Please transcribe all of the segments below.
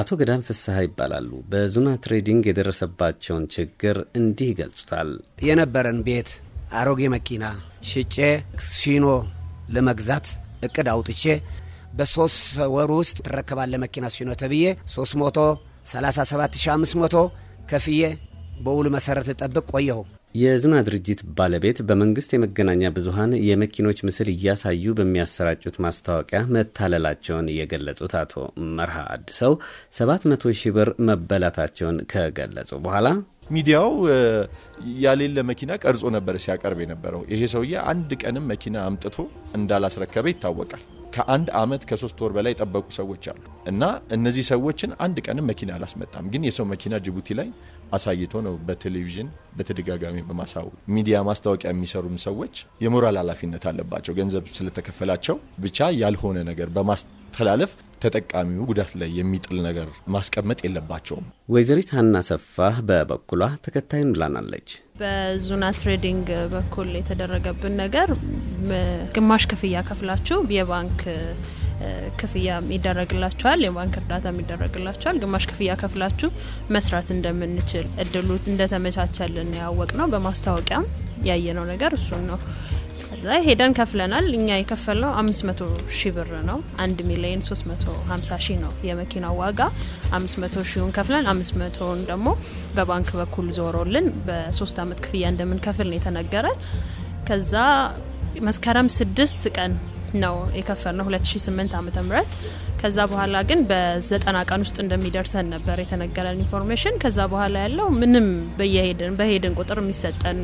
አቶ ገዳም ፍስሐ ይባላሉ። በዙና ትሬዲንግ የደረሰባቸውን ችግር እንዲህ ይገልጹታል። የነበረን ቤት አሮጌ መኪና ሽጬ ሲኖ ለመግዛት እቅድ አውጥቼ በሶስት ወር ውስጥ ትረከባለ መኪና ሲኖ ተብዬ 337 500 ከፍዬ በውል መሰረት ልጠብቅ ቆየሁ። የዝና ድርጅት ባለቤት በመንግስት የመገናኛ ብዙሀን የመኪኖች ምስል እያሳዩ በሚያሰራጩት ማስታወቂያ መታለላቸውን የገለጹት አቶ መርሃ አድሰው ሰባት ሺህ ብር መበላታቸውን ከገለጹ በኋላ ሚዲያው ያሌለ መኪና ቀርጾ ነበር ሲያቀርብ የነበረው። ይሄ ሰውዬ አንድ ቀንም መኪና አምጥቶ እንዳላስረከበ ይታወቃል። ከአንድ ዓመት ከሶስት ወር በላይ የጠበቁ ሰዎች አሉ እና እነዚህ ሰዎችን አንድ ቀንም መኪና አላስመጣም። ግን የሰው መኪና ጅቡቲ ላይ አሳይቶ ነው በቴሌቪዥን በተደጋጋሚ በማሳወቅ ሚዲያ ማስታወቂያ የሚሰሩም ሰዎች የሞራል ኃላፊነት አለባቸው። ገንዘብ ስለተከፈላቸው ብቻ ያልሆነ ነገር በማስተላለፍ ተጠቃሚው ጉዳት ላይ የሚጥል ነገር ማስቀመጥ የለባቸውም። ወይዘሪት ሀና ሰፋ በበኩሏ ተከታይን ብላናለች። በዙና ትሬዲንግ በኩል የተደረገብን ነገር ግማሽ ክፍያ ከፍላችሁ የባንክ ክፍያ ይደረግላቸዋል፣ የባንክ እርዳታ ይደረግላቸዋል። ግማሽ ክፍያ ከፍላችሁ መስራት እንደምንችል እድሉ እንደተመቻቸልን ያወቅ ነው። በማስታወቂያም ያየነው ነገር እሱን ነው። ላይ ሄደን ከፍለናል። እኛ የከፈልነው አምስት መቶ ሺህ ብር ነው። አንድ ሚሊዮን ሶስት መቶ ሀምሳ ሺ ነው የመኪናው ዋጋ። አምስት መቶ ሺውን ከፍለን አምስት መቶውን ደግሞ በባንክ በኩል ዞሮልን በሶስት አመት ክፍያ እንደምንከፍል ነው የተነገረን። ከዛ መስከረም ስድስት ቀን ነው የከፈልነው 2008 ዓመተ ምህረት ከዛ በኋላ ግን በዘጠና ቀን ውስጥ እንደሚደርሰን ነበር የተነገረን ኢንፎርሜሽን። ከዛ በኋላ ያለው ምንም በየሄድን በሄድን ቁጥር የሚሰጠን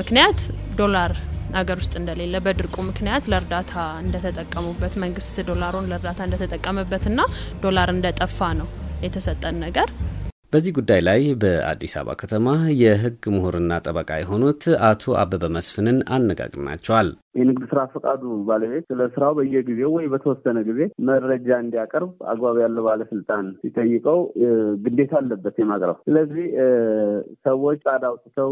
ምክንያት ዶላር አገር ውስጥ እንደሌለ በድርቁ ምክንያት ለእርዳታ እንደተጠቀሙበት መንግስት ዶላሩን ለእርዳታ እንደተጠቀመበትና ዶላር እንደጠፋ ነው የተሰጠን ነገር። በዚህ ጉዳይ ላይ በአዲስ አበባ ከተማ የህግ ምሁርና ጠበቃ የሆኑት አቶ አበበ መስፍንን አነጋግርናቸዋል። የንግድ ስራ ፈቃዱ ባለቤት ስለ ስራው በየጊዜው ወይ በተወሰነ ጊዜ መረጃ እንዲያቀርብ አግባብ ያለው ባለስልጣን ሲጠይቀው ግዴታ አለበት የማቅረብ። ስለዚህ ሰዎች ጣድ አውጥተው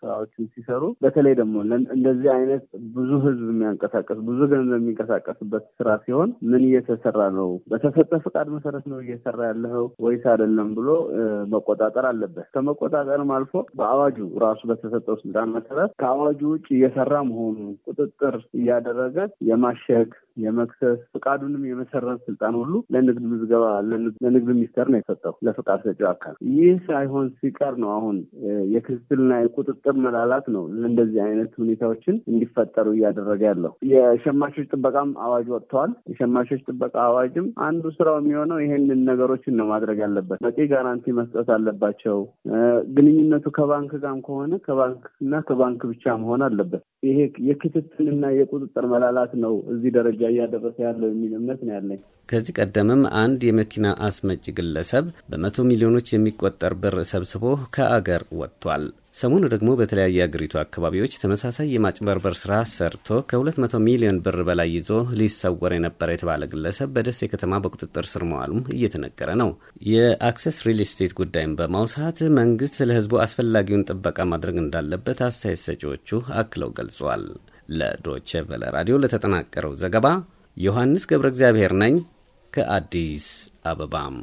ስራዎችን ሲሰሩ በተለይ ደግሞ እንደዚህ አይነት ብዙ ህዝብ የሚያንቀሳቀስ ብዙ ገንዘብ የሚንቀሳቀስበት ስራ ሲሆን ምን እየተሰራ ነው፣ በተሰጠ ፈቃድ መሰረት ነው እየሰራ ያለው ወይስ አይደለም ብሎ መቆጣጠር አለበት። ከመቆጣጠርም አልፎ በአዋጁ ራሱ በተሰጠው ስልጣን መሰረት ከአዋጁ ውጭ እየሰራ መሆኑ ቁጥጥር እያደረገ የማሸግ የመክሰስ ፍቃዱንም የመሰረት ስልጣን ሁሉ ለንግድ ምዝገባ ለንግድ ሚኒስቴር ነው የሰጠው ለፍቃድ ሰጪው አካል። ይህ ሳይሆን ሲቀር ነው አሁን የክትትልና የቁጥጥር መላላት ነው እንደዚህ አይነት ሁኔታዎችን እንዲፈጠሩ እያደረገ ያለው። የሸማቾች ጥበቃም አዋጅ ወጥተዋል። የሸማቾች ጥበቃ አዋጅም አንዱ ስራው የሚሆነው ይሄንን ነገሮችን ነው ማድረግ ያለበት። በቂ ጋራንቲ መስጠት አለባቸው። ግንኙነቱ ከባንክ ጋርም ከሆነ ከባንክ እና ከባንክ ብቻ መሆን አለበት። ይሄ የክትትል የክትትልና የቁጥጥር መላላት ነው እዚህ ደረጃ እያደረሰ ያለው የሚል እምነት ነው ያለኝ። ከዚህ ቀደምም አንድ የመኪና አስመጭ ግለሰብ በመቶ ሚሊዮኖች የሚቆጠር ብር ሰብስቦ ከአገር ወጥቷል። ሰሞኑ ደግሞ በተለያዩ የአገሪቱ አካባቢዎች ተመሳሳይ የማጭበርበር ስራ ሰርቶ ከ200 ሚሊዮን ብር በላይ ይዞ ሊሰወር የነበረ የተባለ ግለሰብ በደሴ ከተማ በቁጥጥር ስር መዋሉም እየተነገረ ነው። የአክሰስ ሪል ስቴት ጉዳይን በማውሳት መንግስት ለሕዝቡ አስፈላጊውን ጥበቃ ማድረግ እንዳለበት አስተያየት ሰጪዎቹ አክለው ገልጿል። ለዶቼ ቨለ ራዲዮ ለተጠናቀረው ዘገባ ዮሐንስ ገብረ እግዚአብሔር ነኝ ከአዲስ አበባም